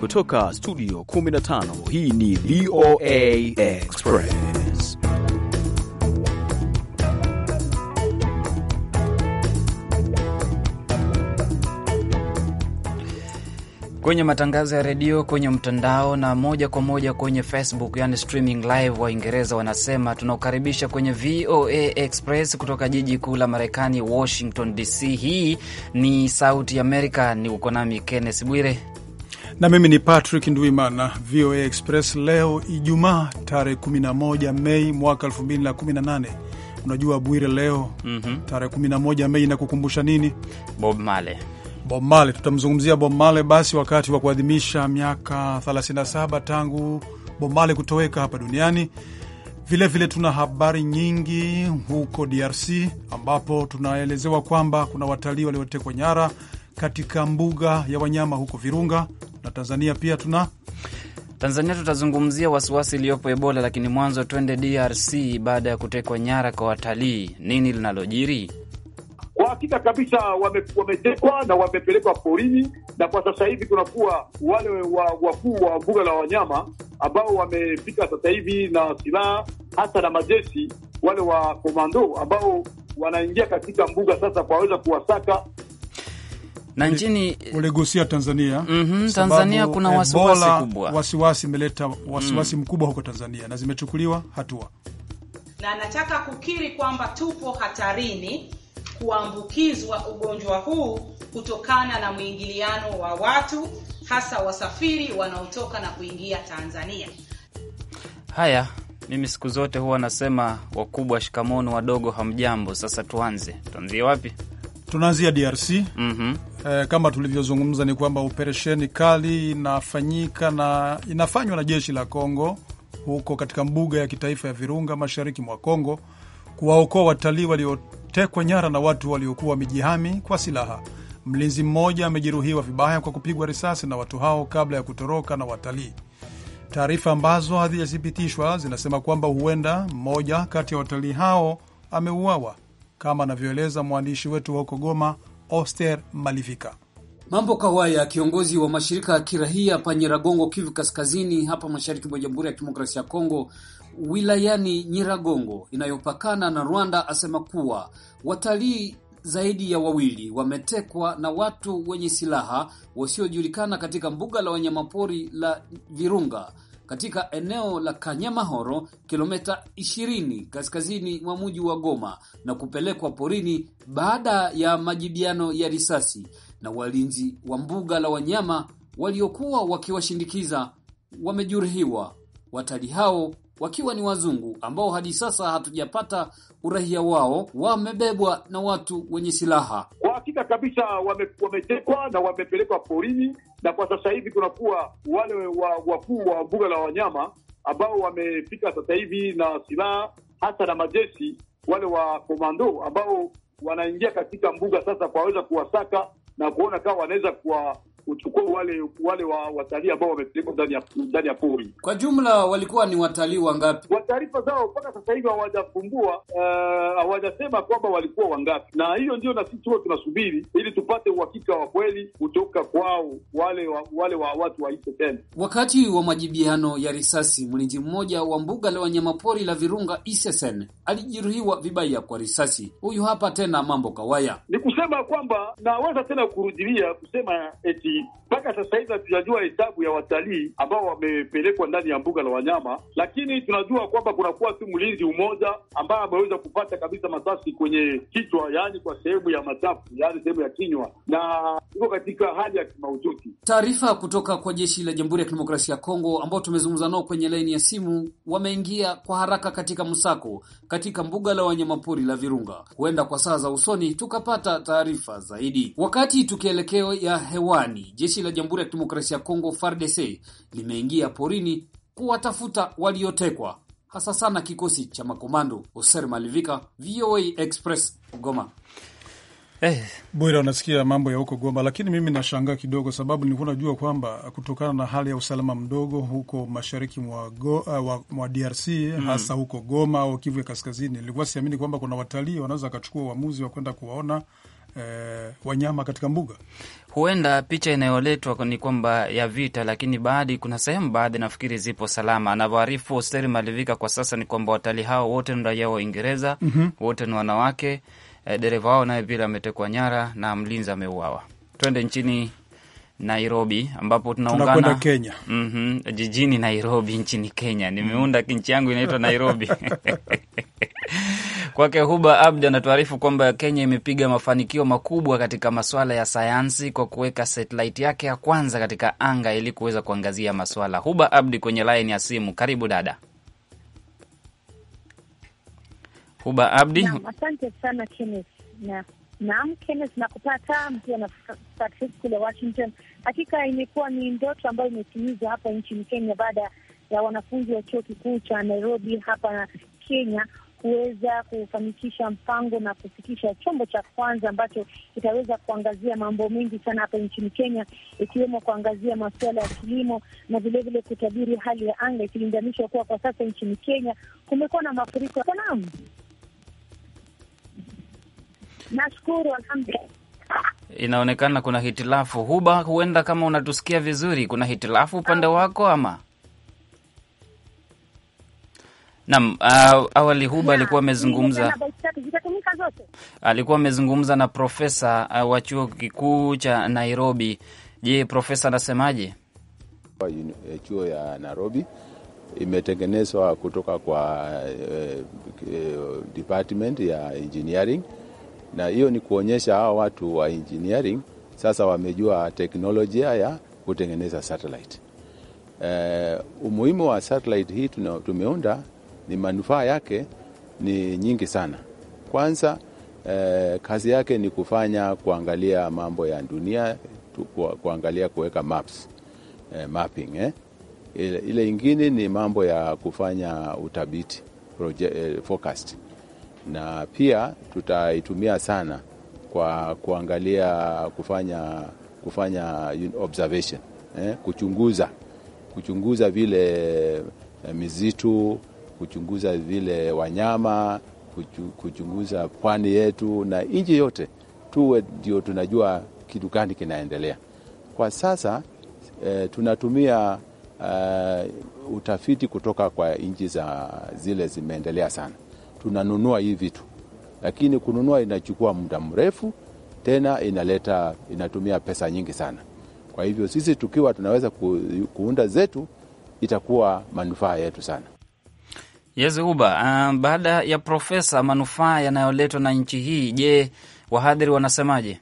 kutoka studio 15 hii ni VOA Express. Kwenye matangazo ya redio, kwenye mtandao na moja kwa moja kwenye Facebook, yani streaming live. Waingereza wanasema tunakukaribisha kwenye VOA Express kutoka jiji kuu la Marekani, Washington DC. Hii ni Sauti Amerika, ni uko nami kennes Bwire na mimi ni Patrick Nduimana. VOA Express leo Ijumaa tarehe 11 Mei mwaka 2018. Unajua Bwire, leo mm -hmm. tarehe 11 Mei inakukumbusha nini? Bob Marley. Bob Marley, tutamzungumzia Bob Marley basi wakati wa kuadhimisha miaka 37 tangu Bob Marley kutoweka hapa duniani. Vilevile vile tuna habari nyingi huko DRC ambapo tunaelezewa kwamba kuna watalii waliotekwa nyara katika mbuga ya wanyama huko Virunga na Tanzania pia tuna Tanzania tutazungumzia wasiwasi iliyopo Ebola, lakini mwanzo twende DRC baada ya kutekwa nyara kwa watalii. Nini linalojiri? Kwa hakika kabisa wametekwa, wame na wamepelekwa porini, na kwa sasa hivi kunakuwa wale wakuu wa mbuga la wanyama ambao wamefika sasa hivi na silaha hasa na majeshi, wale wa komando ambao wanaingia katika mbuga sasa kwaweza kuwasaka na nchini uligusia Tanzania. mm -hmm, Tanzania kuna wasiwasi kubwa, wasiwasi imeleta wasiwasi mm, mkubwa huko Tanzania na zimechukuliwa hatua, na nataka kukiri kwamba tupo hatarini kuambukizwa ugonjwa huu kutokana na mwingiliano wa watu, hasa wasafiri wanaotoka na kuingia Tanzania. Haya, mimi siku zote huwa nasema wakubwa shikamoni, wadogo hamjambo. Sasa tuanze, tuanzie wapi? Tunaanzia DRC. mm -hmm. E, kama tulivyozungumza ni kwamba operesheni kali inafanyika na inafanywa na jeshi la Kongo huko katika mbuga ya kitaifa ya Virunga mashariki mwa Kongo kuwaokoa watalii waliotekwa nyara na watu waliokuwa wamejihami kwa silaha. Mlinzi mmoja amejeruhiwa vibaya kwa kupigwa risasi na watu hao kabla ya kutoroka na watalii. Taarifa ambazo hazijathibitishwa zinasema kwamba huenda mmoja kati ya watalii hao ameuawa, kama anavyoeleza mwandishi wetu wa huko Goma, Oster Malivika. Mambo Kawaya, kiongozi wa mashirika ya kirahia pa Nyiragongo, Kivu Kaskazini, hapa mashariki mwa Jamhuri ya Kidemokrasia ya Kongo, wilayani Nyiragongo inayopakana na Rwanda, asema kuwa watalii zaidi ya wawili wametekwa na watu wenye silaha wasiojulikana katika mbuga la wanyamapori la Virunga katika eneo la Kanyamahoro, kilomita 20 kaskazini mwa mji wa Goma na kupelekwa porini baada ya majibiano ya risasi na walinzi wa mbuga la wanyama waliokuwa wakiwashindikiza wamejeruhiwa. Watalii hao wakiwa ni wazungu ambao hadi sasa hatujapata uraia wao, wamebebwa na watu wenye silaha. Kwa hakika kabisa wametekwa, wame na wamepelekwa porini, na kwa sasa hivi kunakuwa wale wakuu wa mbuga la wanyama ambao wamefika sasa hivi na silaha hasa na majeshi wale wa komando ambao wanaingia katika mbuga sasa, kwaweza kuwasaka na kuona kama wanaweza kuchukua wale wale wa watalii ambao wamepelekwa ndani ya ndani ya pori. Kwa jumla walikuwa ni watalii wangapi? Kwa taarifa zao mpaka sasa hivi hawajafumbua, eh, hawajasema uh, kwamba walikuwa wangapi, na hiyo ndio na sisi wote tunasubiri ili tupate uhakika wa kweli kutoka kwao wale wa, wale wa watu wa tena. Wakati wa majibiano ya risasi, mlinzi mmoja wa mbuga la wanyamapori la Virunga Isesen alijeruhiwa vibaya kwa risasi. Huyu hapa tena mambo kawaya, ni kusema kwamba naweza tena kurudilia kusema eti basi mpaka sasa hivi hatujajua hesabu ya watalii ambao wamepelekwa ndani ya mbuga la wanyama, lakini tunajua kwamba kunakuwa tu mlinzi umoja ambaye ameweza kupata kabisa masasi kwenye kichwa, yaani kwa sehemu ya matafu yaani sehemu ya kinywa, na iko katika hali ya kimaututi. Taarifa kutoka kwa jeshi la Jamhuri ya Kidemokrasia ya Kongo ambao tumezungumza nao kwenye laini ya simu, wameingia kwa haraka katika msako katika mbuga la wanyamapori la Virunga. Huenda kwa saa za usoni tukapata taarifa zaidi. Wakati tukielekeo ya hewani Marekani, jeshi la Jamhuri ya Kidemokrasia ya Kongo FARDC limeingia porini kuwatafuta waliotekwa, hasa sana kikosi cha makomando. Oser Malivika, VOA Express, Goma. Eh, Bwira, unasikia mambo ya huko Goma, lakini mimi nashangaa kidogo, sababu nilikuwa najua kwamba kutokana na hali ya usalama mdogo huko mashariki mwa, go, uh, mwa DRC mm, hasa huko Goma au Kivu ya Kaskazini, nilikuwa siamini kwamba kuna watalii wanaweza wakachukua uamuzi wa kwenda kuwaona eh, wanyama katika mbuga huenda picha inayoletwa ni kwamba ya vita, lakini baadhi, kuna sehemu baadhi nafikiri zipo salama. Anavyoarifu Osteri Malivika kwa sasa ni kwamba watalii hao wote ni raia wa Uingereza, mm -hmm. wote ni wanawake. E, dereva wao naye vile ametekwa nyara na mlinzi ameuawa. Twende nchini Nairobi ambapo tunaungana Kenya. Mm -hmm, jijini Nairobi nchini Kenya. Nimeunda nchi yangu inaitwa Nairobi Kwake Huba Abdi anatuarifu kwamba Kenya imepiga mafanikio makubwa katika maswala ya sayansi kwa kuweka satelaiti yake ya kwanza katika anga ili kuweza kuangazia maswala. Huba Abdi kwenye laini ya simu, karibu dada Huba Abdi. Asante sana Kenneth Naam, Kenneth, nakupata mkiwa na Patrick kule Washington. Hakika imekuwa ni ndoto ambayo imetimizwa hapa nchini Kenya baada ya wanafunzi wa chuo kikuu cha Nairobi hapa Kenya kuweza kufanikisha mpango na kufikisha chombo cha kwanza ambacho kitaweza kuangazia mambo mengi sana hapa nchini Kenya, ikiwemo kuangazia masuala ya kilimo na vilevile kutabiri hali ya anga, ikilinganishwa kuwa kwa sasa nchini Kenya kumekuwa na mafuriko. Naam. Nashukuru, alhamdulillah. Inaonekana kuna hitilafu. Huba, huenda kama unatusikia vizuri, kuna hitilafu upande wako ama Naam, uh, awali Huba alikuwa amezungumza alikuwa amezungumza na profesa uh, wa chuo kikuu cha Nairobi. Je, profesa anasemaje? Eh, chuo ya Nairobi imetengenezwa kutoka kwa uh, department ya engineering na hiyo ni kuonyesha hawa watu wa engineering sasa wamejua teknolojia ya kutengeneza satellite. Uh, umuhimu wa satellite hii tumeunda ni manufaa yake ni nyingi sana. Kwanza uh, kazi yake ni kufanya kuangalia mambo ya dunia tu, kuangalia kuweka maps uh, mapping eh. Ile, ile ingine ni mambo ya kufanya utabiti project, uh, forecast na pia tutaitumia sana kwa kuangalia kufanya, kufanya observation eh, kuchunguza kuchunguza vile eh, mizitu kuchunguza vile wanyama, kuchunguza pwani yetu na nchi yote, tuwe ndio tunajua kitu gani kinaendelea kwa sasa. Eh, tunatumia eh, utafiti kutoka kwa nchi za zile zimeendelea sana tunanunua hii vitu, lakini kununua inachukua muda mrefu, tena inaleta inatumia pesa nyingi sana. Kwa hivyo sisi tukiwa tunaweza ku, kuunda zetu itakuwa manufaa yetu sana. Yezi uba uh, baada ya profesa, manufaa yanayoletwa na nchi hii, je, wahadhiri wanasemaje?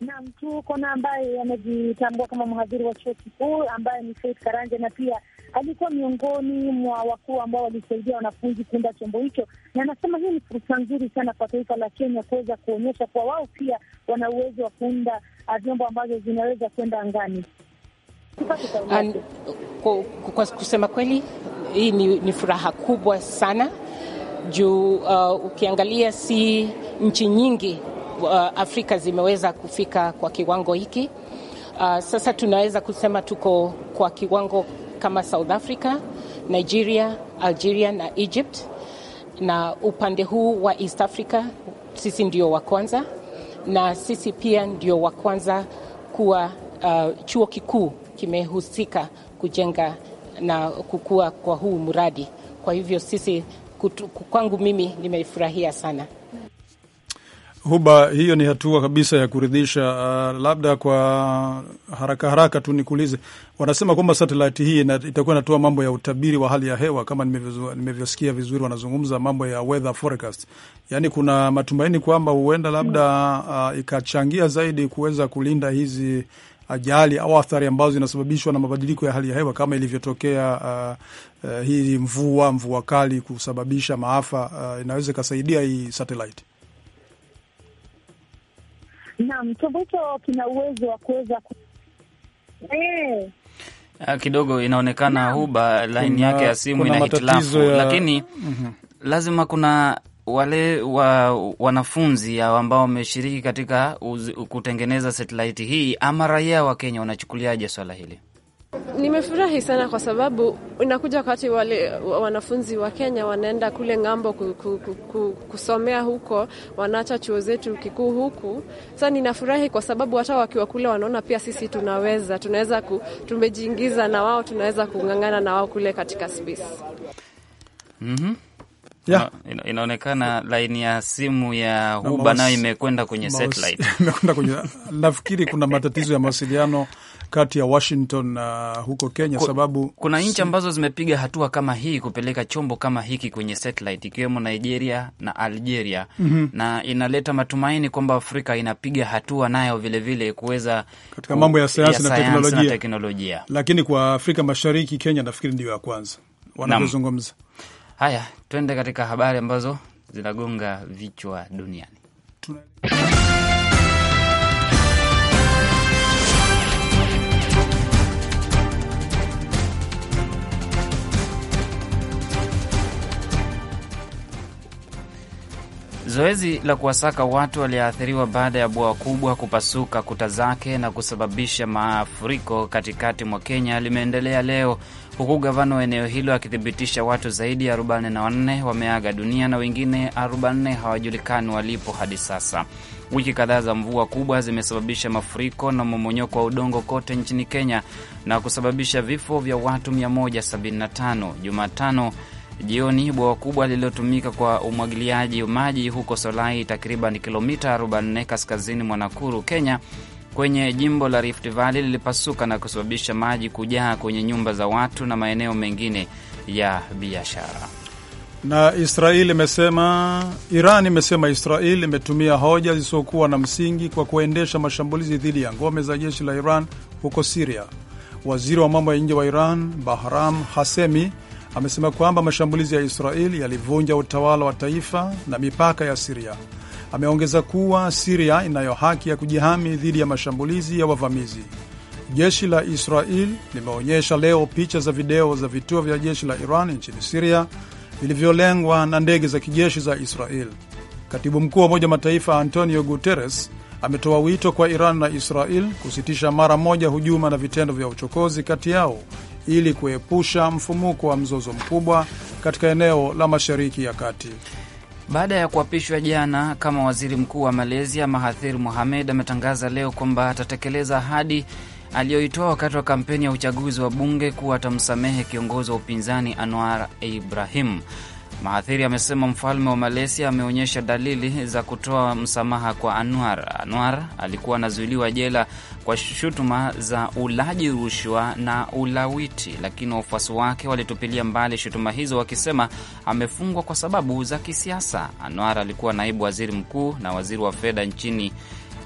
Naam, tuko na ambaye amejitambua kama mhadhiri wa chuo kikuu ambaye ni Faith Karanja na pia alikuwa miongoni mwa wakuu ambao walisaidia wanafunzi kuunda chombo hicho, na anasema hii ni fursa nzuri sana kwa taifa la Kenya kuweza kuonyesha kwa wao pia wana uwezo wa kuunda ah, vyombo ambazo zinaweza kwenda angani. An, kwa, kwa kusema kweli hii ni, ni furaha kubwa sana juu uh, ukiangalia si nchi nyingi uh, Afrika zimeweza kufika kwa kiwango hiki. Uh, sasa tunaweza kusema tuko kwa kiwango kama South Africa, Nigeria, Algeria na Egypt, na upande huu wa East Africa sisi ndio wa kwanza, na sisi pia ndio wa kwanza kuwa uh, chuo kikuu kimehusika kujenga na kukua kwa huu mradi. Kwa hivyo sisi kutu, kwangu mimi nimefurahia sana. Huba, hiyo ni hatua kabisa ya kuridhisha. Uh, labda kwa haraka haraka tu nikuulize, wanasema kwamba satelaiti hii itakuwa inatoa mambo ya utabiri wa hali ya hewa kama nimevyosikia vizuri, wanazungumza mambo ya weather forecast. Yani kuna matumaini kwamba huenda labda uh, ikachangia zaidi kuweza kulinda hizi ajali au athari ambazo zinasababishwa na mabadiliko ya hali ya hewa kama ilivyotokea uh, uh, hii mvua mvua kali kusababisha maafa uh, inaweza ikasaidia hii satellite. Naam, kina uwezo wa kuweza ku... e. Kidogo inaonekana na, Huba laini yake ya simu ina hitilafu ya... lakini mm -hmm. lazima kuna wale wa wanafunzi ambao wameshiriki katika uz, kutengeneza satelaiti hii ama raia wa Kenya wanachukuliaje swala hili? Nimefurahi sana kwa sababu inakuja wakati wale wanafunzi wa Kenya wanaenda kule ng'ambo ku, ku, ku, kusomea huko, wanaacha chuo zetu kikuu huku. Sasa ninafurahi kwa sababu hata wakiwa kule wanaona pia sisi tunaweza, tunaweza tumejiingiza na wao, tunaweza kung'ang'ana na wao kule katika space. mm -hmm. Yeah. Ina, inaonekana laini ya simu ya Huba nayo imekwenda kwenye satellite. Imekwenda kwenye nafikiri kuna matatizo ya mawasiliano kati ya Washington na uh, huko Kenya, sababu kuna nchi ambazo zimepiga hatua kama hii kupeleka chombo kama hiki kwenye satellite ikiwemo Nigeria na Algeria mm -hmm. na inaleta matumaini kwamba Afrika inapiga hatua nayo vilevile kuweza katika mambo ya sayansi na na teknolojia, lakini kwa Afrika Mashariki, Kenya nafikiri ndio ya kwanza wanavyozungumza. Haya, tuende katika habari ambazo zinagonga vichwa duniani Tuna... Zoezi la kuwasaka watu walioathiriwa baada ya bwawa kubwa kupasuka kuta zake na kusababisha mafuriko katikati mwa Kenya limeendelea leo, huku gavana wa eneo hilo akithibitisha watu zaidi ya 44 wameaga dunia na wengine 44 hawajulikani walipo hadi sasa. Wiki kadhaa za mvua kubwa zimesababisha mafuriko na mmomonyoko wa udongo kote nchini Kenya na kusababisha vifo vya watu 175 Jumatano jioni. Bwawa kubwa lililotumika kwa umwagiliaji maji huko Solai, takriban kilomita 44 kaskazini mwa Nakuru, Kenya, kwenye jimbo la Rift Valley lilipasuka na kusababisha maji kujaa kwenye nyumba za watu na maeneo mengine ya biashara. Na Israel imesema, Iran imesema Israel imetumia hoja zisizokuwa na msingi kwa kuendesha mashambulizi dhidi ya ngome za jeshi la Iran huko Siria. Waziri wa mambo ya nje wa Iran Bahram Hasemi amesema kwamba mashambulizi ya Israeli yalivunja utawala wa taifa na mipaka ya Siria. Ameongeza kuwa Siria inayo haki ya kujihami dhidi ya mashambulizi ya wavamizi. Jeshi la Israel limeonyesha leo picha za video za vituo vya jeshi la Iran nchini Siria vilivyolengwa na ndege za kijeshi za Israel. Katibu mkuu wa Umoja wa Mataifa Antonio Guterres ametoa wito kwa Iran na Israel kusitisha mara moja hujuma na vitendo vya uchokozi kati yao ili kuepusha mfumuko wa mzozo mkubwa katika eneo la Mashariki ya Kati. Baada ya kuapishwa jana kama waziri mkuu wa Malaysia, Mahathir Mohamed ametangaza leo kwamba atatekeleza ahadi aliyoitoa wakati wa kampeni ya uchaguzi wa bunge kuwa atamsamehe kiongozi wa upinzani Anwar Ibrahim. Maathiri amesema mfalme wa Malaysia ameonyesha dalili za kutoa msamaha kwa Anwar. Anwar alikuwa anazuiliwa jela kwa shutuma za ulaji rushwa na ulawiti, lakini wafuasi wake walitupilia mbali shutuma hizo, wakisema amefungwa kwa sababu za kisiasa. Anwar alikuwa naibu waziri mkuu na waziri wa fedha nchini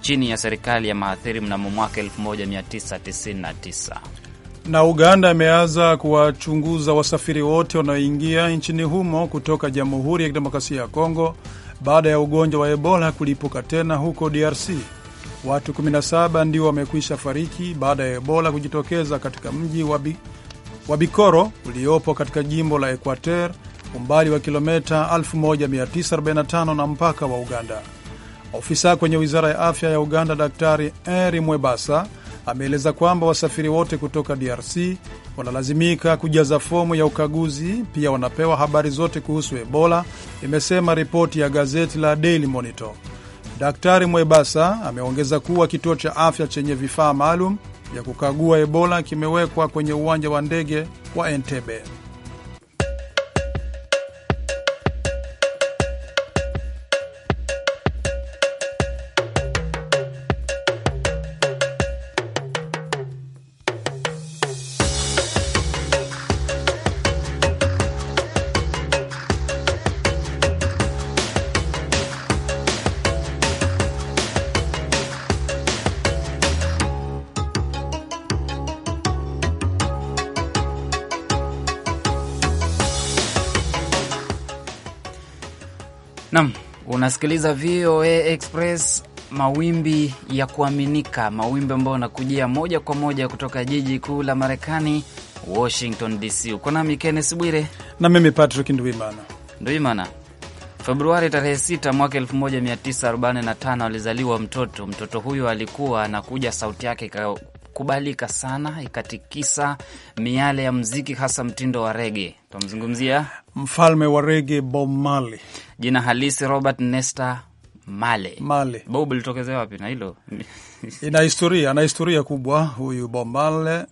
chini ya serikali ya maathiri mnamo mwaka 1999. Na Uganda imeanza kuwachunguza wasafiri wote wanaoingia nchini humo kutoka Jamhuri ya Kidemokrasia ya Kongo baada ya ugonjwa wa Ebola kulipuka tena huko DRC. Watu 17 ndio wamekwisha fariki baada ya Ebola kujitokeza katika mji wa Bikoro uliopo katika jimbo la Equateur, umbali wa kilometa 1945 na mpaka wa Uganda. Ofisa kwenye wizara ya afya ya Uganda, Daktari Henry Mwebasa ameeleza kwamba wasafiri wote kutoka DRC wanalazimika kujaza fomu ya ukaguzi, pia wanapewa habari zote kuhusu Ebola, imesema ripoti ya gazeti la Daily Monitor. Daktari Mwebasa ameongeza kuwa kituo cha afya chenye vifaa maalum vya kukagua Ebola kimewekwa kwenye uwanja wa ndege wa Entebbe. Unasikiliza VOA Express, mawimbi ya kuaminika, mawimbi ambayo anakujia moja kwa moja kutoka jiji kuu la Marekani, Washington DC. Uko nami Kennes Bwire na mimi Patrick Nduimana. Nduimana, Februari tarehe 6 mwaka 1945 alizaliwa mtoto. Mtoto huyo alikuwa anakuja, sauti yake kukubalika sana, ikatikisa miale ya mziki, hasa mtindo wa rege. Tunamzungumzia mfalme wa rege Bob Marley, jina halisi Robert Nesta Marley. Bob litokezea wapi na hilo? ina historia, ana historia kubwa huyu Bob mm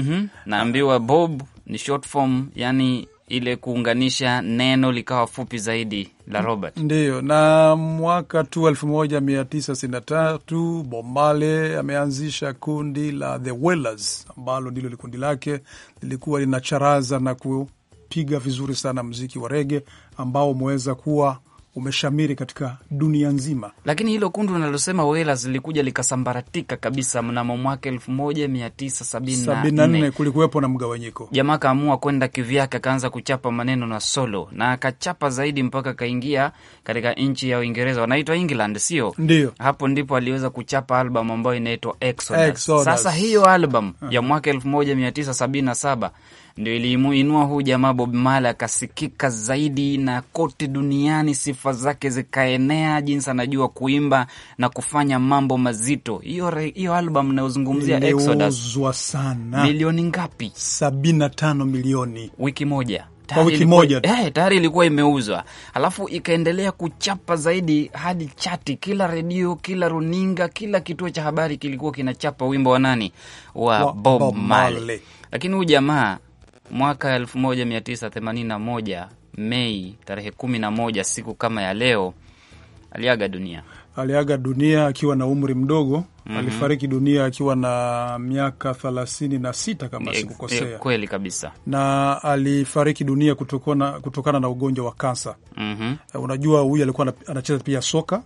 -hmm. Naambiwa Bob ni short form, yani ile kuunganisha neno likawa fupi zaidi la Robert. Ndiyo, na mwaka tu elfu moja mia tisa na tatu Bombale ameanzisha kundi la The Wailers ambalo ndilo kundi lake lilikuwa linacharaza na kupiga vizuri sana mziki wa rege ambao umeweza kuwa umeshamiri katika dunia nzima. Lakini hilo kundi unalosema Wailers lilikuja likasambaratika kabisa mnamo mwaka elfu moja mia tisa sabini na nne. Kulikuwepo na mgawanyiko, jamaa akaamua kwenda kivyake, akaanza kuchapa maneno na solo na akachapa zaidi mpaka akaingia katika nchi ya Uingereza, wanaitwa England, sio ndio? Hapo ndipo aliweza kuchapa albamu ambayo inaitwa Exodus. Sasa hiyo albamu ya mwaka elfu moja mia tisa sabini na saba ndio ilimuinua huu jamaa Bob Marley akasikika zaidi na kote duniani, sifa zake zikaenea, jinsi anajua kuimba na kufanya mambo mazito. Hiyo hiyo album nayozungumzia Exodus sana, milioni ngapi? 75 milioni wiki moja eh, tayari ilikuwa imeuzwa, alafu ikaendelea kuchapa zaidi hadi chati. Kila redio, kila runinga, kila kituo cha habari kilikuwa kinachapa wimbo wa nani wa Bob Marley. Lakini huyu jamaa mwaka 1981 Mei tarehe 11, siku kama ya leo, aliaga dunia. Aliaga dunia akiwa na umri mdogo. mm -hmm. Alifariki dunia akiwa na miaka thelathini na sita kama eh, sikukosea. Eh, kweli kabisa. Na alifariki dunia kutokana, kutokana na ugonjwa wa kansa. mm -hmm. Unajua, huyu alikuwa anacheza pia soka,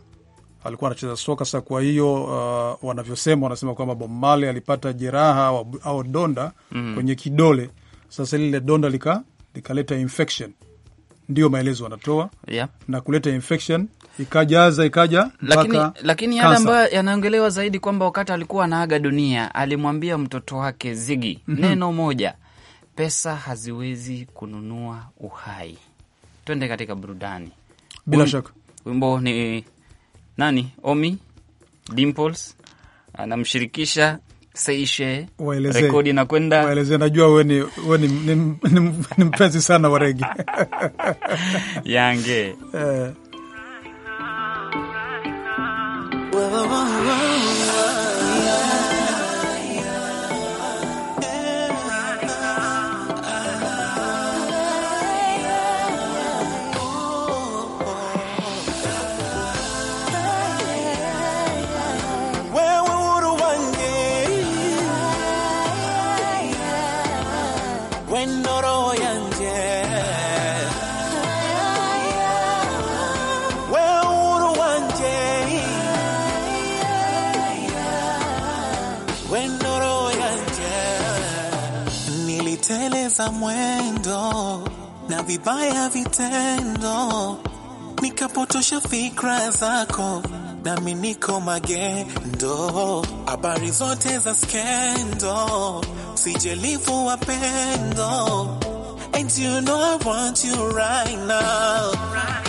alikuwa anacheza soka. Sasa kwa hiyo uh, wanavyosema wanasema kwamba Bob Marley alipata jeraha au donda mm -hmm. kwenye kidole sasa lile donda lika likaleta infection, ndio maelezo wanatoa yeah. na kuleta infection ikajaza ikaja, lakini, lakini yale ambayo yanaongelewa zaidi kwamba wakati alikuwa anaaga dunia alimwambia mtoto wake zigi mm -hmm. neno moja, pesa haziwezi kununua uhai. Twende katika burudani bila Wim, shaka wimbo ni nani? Omi Dimples anamshirikisha Seishe, rekodi inakwenda waeleze. Najua ni, we ni, ni, ni, ni mpenzi sana wa rege yange eh. roho ya nje. mwendo na vibaya vitendo, nikapotosha fikra zako nami niko magendo, habari zote za skendo, sijelivu wapendo And you know I want you right now. Right.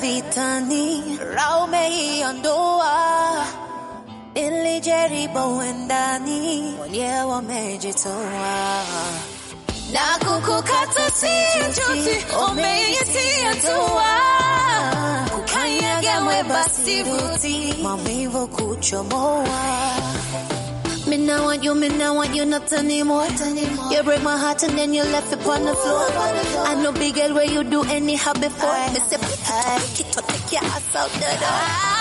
vitani raumeiondoa ilijaribu wendani wenyewe wamejitoa na kukukata sinjuti umeitia tua basi vuti, maumivu kuchomoa me now want you, me now want you not anymore. not anymore. You break my heart and then you left it on the floor. I know big girl where you do anyhow before. I, me say pick it up, pick it up, take your ass out the door.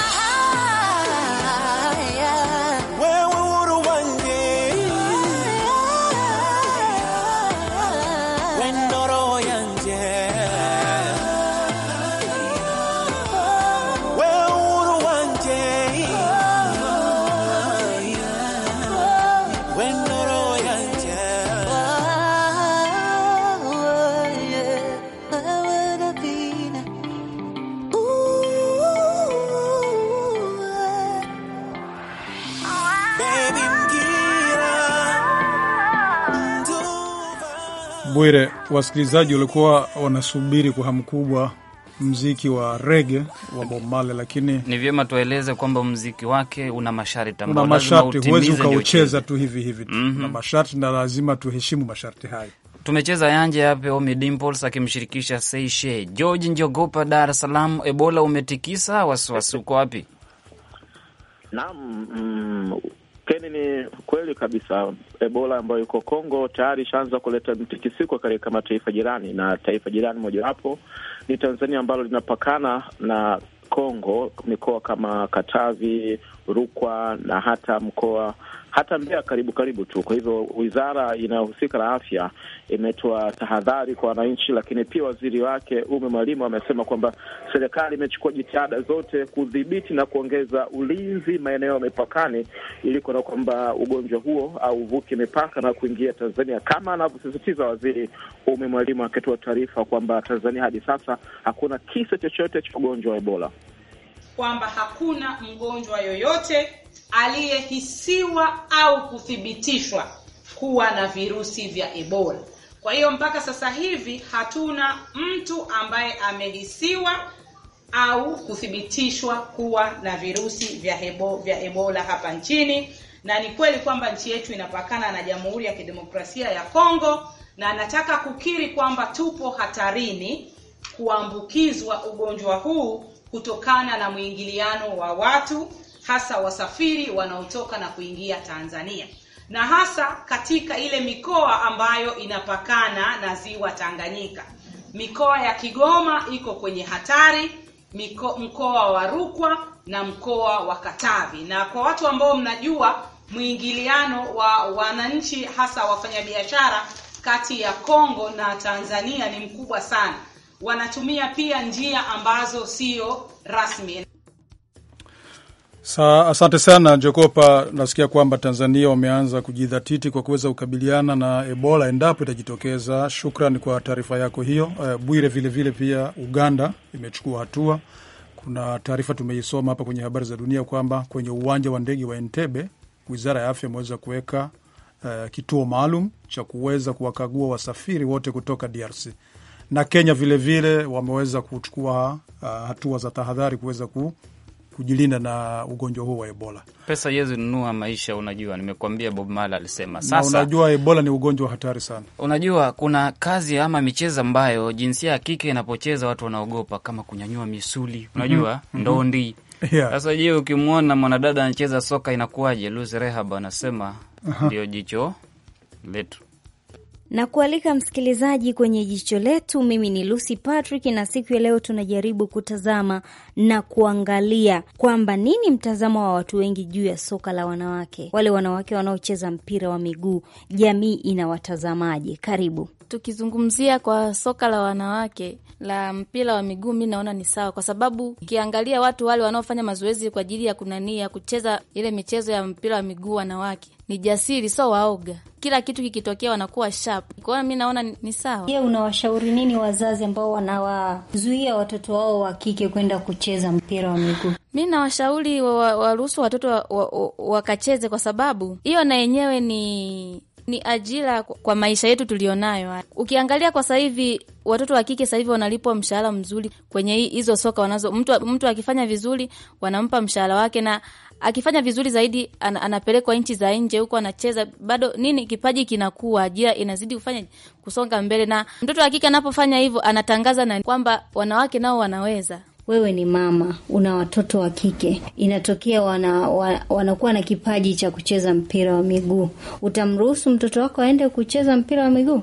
Bwire, wasikilizaji walikuwa wanasubiri kwa hamu kubwa mziki wa rege wa Bob Marley, lakini ni vyema tueleze kwamba mziki wake una masharti ambayo una masharti, huwezi ukaucheza tu hivi hivi mm -hmm. na masharti, na lazima tuheshimu masharti hayo. Tumecheza yanje hapa, Omi Dimples akimshirikisha Seishe George Njogopa, Dar es Salaam. Ebola umetikisa, wasiwasi uko wapi? Naam, mm, Keni, ni kweli kabisa, Ebola ambayo yuko Kongo tayari ishaanza kuleta mtikisiko katika mataifa jirani, na taifa jirani mojawapo ni Tanzania ambalo linapakana na Kongo, mikoa kama Katavi, Rukwa na hata mkoa hata Mbeya karibu karibu tu. Kwa hivyo wizara inayohusika na afya imetoa tahadhari kwa wananchi, lakini pia waziri wake Ume Mwalimu amesema kwamba serikali imechukua jitihada zote kudhibiti na kuongeza ulinzi maeneo ya mipakani, ili kuona kwamba ugonjwa huo au uvuke mipaka na kuingia Tanzania, kama anavyosisitiza waziri Ume Mwalimu akitoa taarifa kwamba Tanzania hadi sasa hakuna kisa chochote cha ugonjwa wa Ebola kwamba hakuna mgonjwa yoyote aliyehisiwa au kuthibitishwa kuwa na virusi vya Ebola. Kwa hiyo mpaka sasa hivi hatuna mtu ambaye amehisiwa au kuthibitishwa kuwa na virusi vya, hebo, vya Ebola hapa nchini, na ni kweli kwamba nchi yetu inapakana na Jamhuri ya Kidemokrasia ya Kongo, na nataka kukiri kwamba tupo hatarini kuambukizwa ugonjwa huu kutokana na mwingiliano wa watu hasa wasafiri wanaotoka na kuingia Tanzania na hasa katika ile mikoa ambayo inapakana na ziwa Tanganyika. Mikoa ya Kigoma iko kwenye hatari, miko, mkoa wa Rukwa na mkoa wa Katavi. Na kwa watu ambao mnajua mwingiliano wa wananchi hasa wafanyabiashara kati ya Kongo na Tanzania ni mkubwa sana wanatumia pia njia ambazo sio rasmi. Sa, asante sana Jokopa. Nasikia kwamba Tanzania wameanza kujidhatiti kwa kuweza kukabiliana na Ebola endapo itajitokeza. Shukran kwa taarifa yako hiyo, uh, Bwire. Vilevile pia Uganda imechukua hatua. Kuna taarifa tumeisoma hapa kwenye habari za dunia kwamba kwenye uwanja wa ndege wa Entebbe wizara ya afya imeweza kuweka uh, kituo maalum cha kuweza kuwakagua wasafiri wote kutoka DRC na Kenya vilevile wameweza kuchukua uh, hatua za tahadhari kuweza ku kujilinda na ugonjwa huo wa Ebola. Pesa yezi nunua maisha, unajua nimekuambia, Bob Marley alisema. Sasa na unajua Ebola ni ugonjwa hatari sana. Unajua kuna kazi ama michezo ambayo jinsia ya kike inapocheza watu wanaogopa, kama kunyanyua misuli, unajua mm -hmm. ndondi sasa yeah. Je, ukimwona mwanadada anacheza soka inakuwaje? Lucy Rehab anasema ndio jicho letu na kualika msikilizaji kwenye jicho letu. Mimi ni Lucy Patrick, na siku ya leo tunajaribu kutazama na kuangalia kwamba nini mtazamo wa watu wengi juu ya soka la wanawake, wale wanawake wanaocheza mpira wa miguu, jamii inawatazamaje? Karibu tukizungumzia kwa soka la wanawake la mpira wa miguu, mi naona ni sawa, kwa sababu ukiangalia watu wale wanaofanya mazoezi kwa ajili ya kunania kucheza ile michezo ya mpira wa miguu wanawake ni jasiri, so waoga. Kila kitu kikitokea wanakuwa sharp. Kwa hiyo mi naona ni sawa. Je, unawashauri nini wazazi ambao wanawazuia watoto wao wa kike kwenda kucheza mpira wa miguu? Mi nawashauri waruhusu wa, wa watoto wakacheze wa, wa, kwa sababu hiyo na yenyewe ni ni ajira kwa maisha yetu tulionayo. Ukiangalia kwa sasa hivi watoto wa kike sasa hivi wanalipwa mshahara mzuri kwenye hizo soka wanazo. Mtu, mtu akifanya vizuri wanampa mshahara wake, na akifanya vizuri zaidi an, anapelekwa nchi za nje, huko anacheza bado nini, kipaji kinakuwa, ajira inazidi kufanya kusonga mbele, na mtoto wa kike anapofanya hivyo anatangaza na kwamba wanawake nao wanaweza wewe ni mama, una watoto wa kike, inatokea wana, wa, wanakuwa na kipaji cha kucheza mpira wa miguu, utamruhusu mtoto wako aende kucheza mpira wa miguu?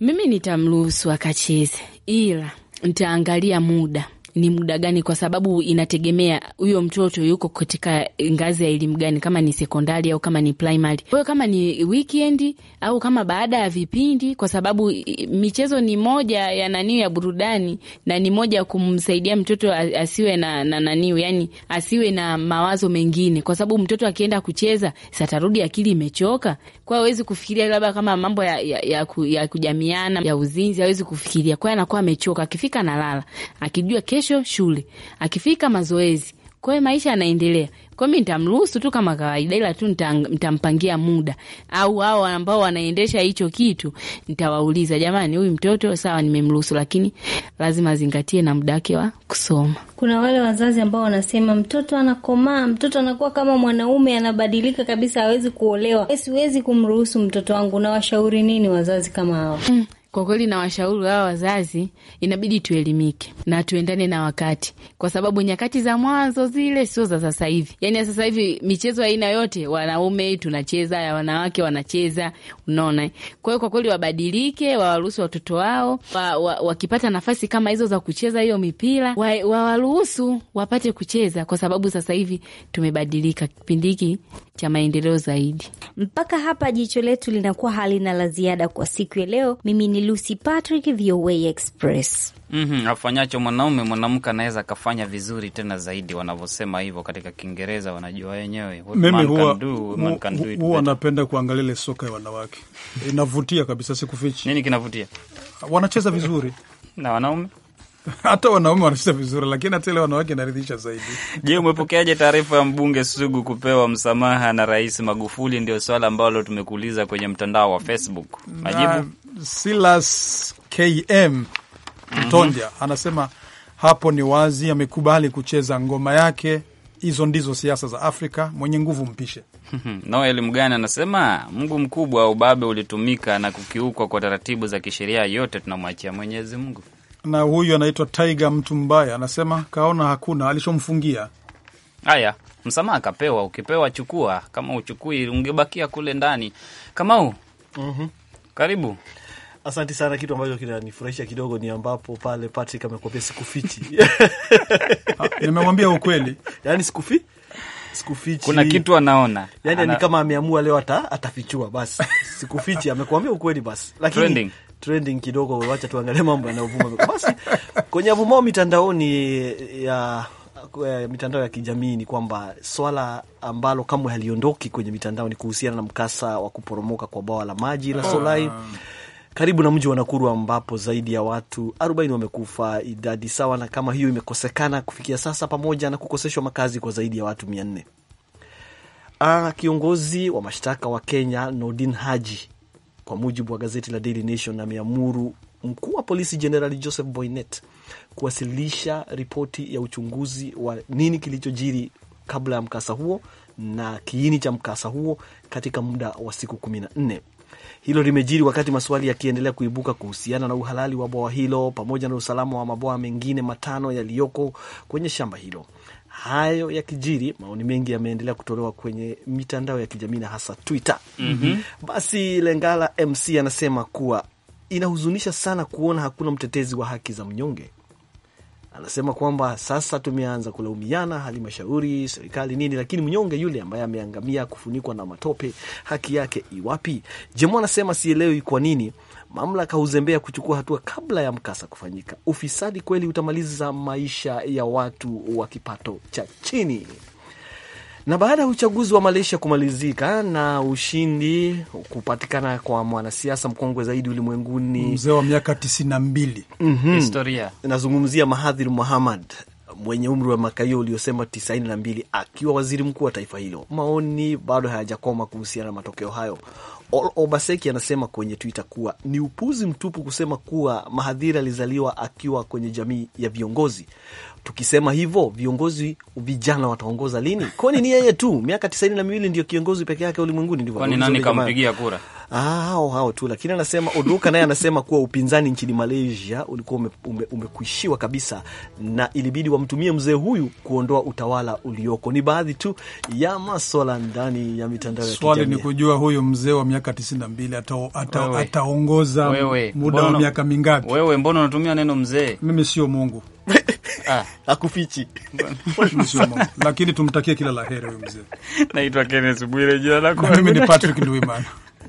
Mimi nitamruhusu akacheze, ila nitaangalia muda ni muda gani, kwa sababu inategemea huyo mtoto yuko katika ngazi ya elimu gani, kama ni sekondari au kama ni primary. Kwa hiyo kama ni weekend au kama baada ya vipindi, kwa sababu michezo ni moja ya nani ya burudani na ni moja ya kumsaidia mtoto asiwe na, na nani, yani asiwe na mawazo mengine, kwa sababu mtoto akienda kucheza satarudi akili imechoka kwa hiyo hawezi kufikiria labda kama mambo ya, ya, ya, ku, ya kujamiana ya uzinzi hawezi kufikiria. Kwa hiyo anakuwa amechoka, akifika analala, akijua kesho shule, akifika mazoezi. Kwa hiyo maisha yanaendelea. Kwa ntamruhusu tu kama kawaida, ila tu ntampangia muda, au hao ambao wanaendesha hicho kitu ntawauliza jamani, huyu mtoto sawa, nimemruhusu, lakini lazima azingatie na muda wake wa kusoma. Kuna wale wazazi ambao wanasema mtoto anakomaa, mtoto anakuwa kama mwanaume, anabadilika kabisa, hawezi kuolewa, siwezi kumruhusu mtoto wangu. Nawashauri nini wazazi kama hao? mm. Kwa kweli na washauri hawa wazazi, inabidi tuelimike na tuendane na wakati, kwa sababu nyakati za mwanzo zile sio za sasa hivi. Yani sasa hivi michezo aina yote wanaume tunacheza, ya wanawake wanacheza, unaona. Kwa hiyo kwa kweli wabadilike, wawaruhusu watoto wao wa, wa, wakipata nafasi kama hizo za kucheza hiyo mipira wawaruhusu wa wapate kucheza, kwa sababu sasa hivi tumebadilika. Kipindi hiki cha maendeleo zaidi. Mpaka hapa jicho letu linakuwa halina la ziada kwa siku ya leo. Mimi ni Lucy Patrick, VOA Express. Mm -hmm, afanyacho mwanaume mwanamke anaweza akafanya vizuri tena zaidi, wanavyosema hivyo katika Kiingereza, wanajua wenyewe. Mimi huwa napenda kuangalia ile soka ya wanawake inavutia kabisa, sikufichi. Nini kinavutia? Wanacheza vizuri na wanaume hata wanaume wanacheza vizuri, lakini hata ile wanawake inaridhisha zaidi. Je, umepokeaje taarifa ya mbunge Sugu kupewa msamaha na Rais Magufuli? Ndio swala ambalo tumekuuliza kwenye mtandao wa Facebook. Majibu Silas KM Mtonja mm -hmm. anasema hapo ni wazi, amekubali kucheza ngoma yake. Hizo ndizo siasa za Afrika, mwenye nguvu mpishe. Noel Mgani anasema Mungu mkubwa, ubabe ulitumika na kukiukwa kwa taratibu za kisheria, yote tunamwachia Mwenyezi Mungu na huyu anaitwa Tiger mtu mbaya, anasema kaona hakuna alichomfungia. Haya, msamaha akapewa. Ukipewa chukua, kama uchukui ungebakia kule ndani. Kamau, mm -hmm. Karibu. Asante sana. Kitu ambacho kinanifurahisha kidogo ni ambapo pale Patrick amekuambia sikufichi. Nimemwambia ukweli, yani sikufi sikufichi. Kuna kitu anaona yani, Ana... ni kama ameamua leo ata, atafichua basi. Sikufichi, amekuambia ukweli basi, lakini Trending trending kidogo, wacha tuangalie mambo yanayovuma basi kwenye avumao mitandaoni ya mitandao ya kijamii ni kwamba swala ambalo kamwe haliondoki kwenye mitandao ni kuhusiana na mkasa wa kuporomoka kwa bwawa la maji la Solai ah. karibu na mji wa Nakuru ambapo zaidi ya watu 40 wamekufa, idadi sawa na kama hiyo imekosekana kufikia sasa, pamoja na kukoseshwa makazi kwa zaidi ya watu 400. Ah, kiongozi wa mashtaka wa Kenya Nordin Haji kwa mujibu wa gazeti la Daily Nation, ameamuru mkuu wa polisi Jenerali Joseph Boynet kuwasilisha ripoti ya uchunguzi wa nini kilichojiri kabla ya mkasa huo na kiini cha mkasa huo katika muda wa siku kumi na nne. Hilo limejiri wakati maswali yakiendelea kuibuka kuhusiana na uhalali wa bwawa hilo pamoja na usalama wa mabwawa mengine matano yaliyoko kwenye shamba hilo. Hayo yakijiri, maoni mengi yameendelea kutolewa kwenye mitandao ya kijamii na hasa Twitter. mm -hmm. Basi Lengala MC anasema kuwa inahuzunisha sana kuona hakuna mtetezi wa haki za mnyonge Anasema kwamba sasa tumeanza kulaumiana, halmashauri, serikali, nini, lakini mnyonge yule ambaye ameangamia kufunikwa na matope, haki yake iwapi? Jemo anasema sielewi kwa nini mamlaka huzembea kuchukua hatua kabla ya mkasa kufanyika. Ufisadi kweli utamaliza maisha ya watu wa kipato cha chini. Na baada ya uchaguzi wa Malaysia kumalizika na ushindi kupatikana kwa mwanasiasa mkongwe zaidi ulimwenguni, mzee wa miaka 92, mm -hmm. historia nazungumzia Mahathir Muhammad mwenye umri wa miaka hiyo uliosema mbili akiwa waziri mkuu wa taifa hilo. Maoni bado hayajakoma kuhusiana na matokeo hayo. Obaseki anasema kwenye Twitter kuwa ni upuzi mtupu kusema kuwa Mahadhiri alizaliwa akiwa kwenye jamii ya viongozi. Tukisema hivyo viongozi vijana wataongoza lini? Kwani ni yeye tu, miaka tisaini na miwili ndio kiongozi peke yake ulimwenguni? Ndivyo kwani nani kampigia kura? Ah, hao hao tu, lakini anasema oduka naye anasema kuwa upinzani nchini Malaysia ulikuwa ume, ume, kabisa na ilibidi wamtumie mzee huyu kuondoa utawala ulioko. Ni baadhi tu ya maswala ndani ya mitandao ya kijamii. Swali ni kujua huyu mzee wa miaka 92 ata, ataongoza muda wa miaka mingapi? Wewe mbona unatumia neno mzee? Mimi sio Mungu. Ah, akufichi lakini tumtakie kila la heri huyu mzee. Naitwa Kenneth Bwire, jina lako? Mimi ni Patrick Ndwimana.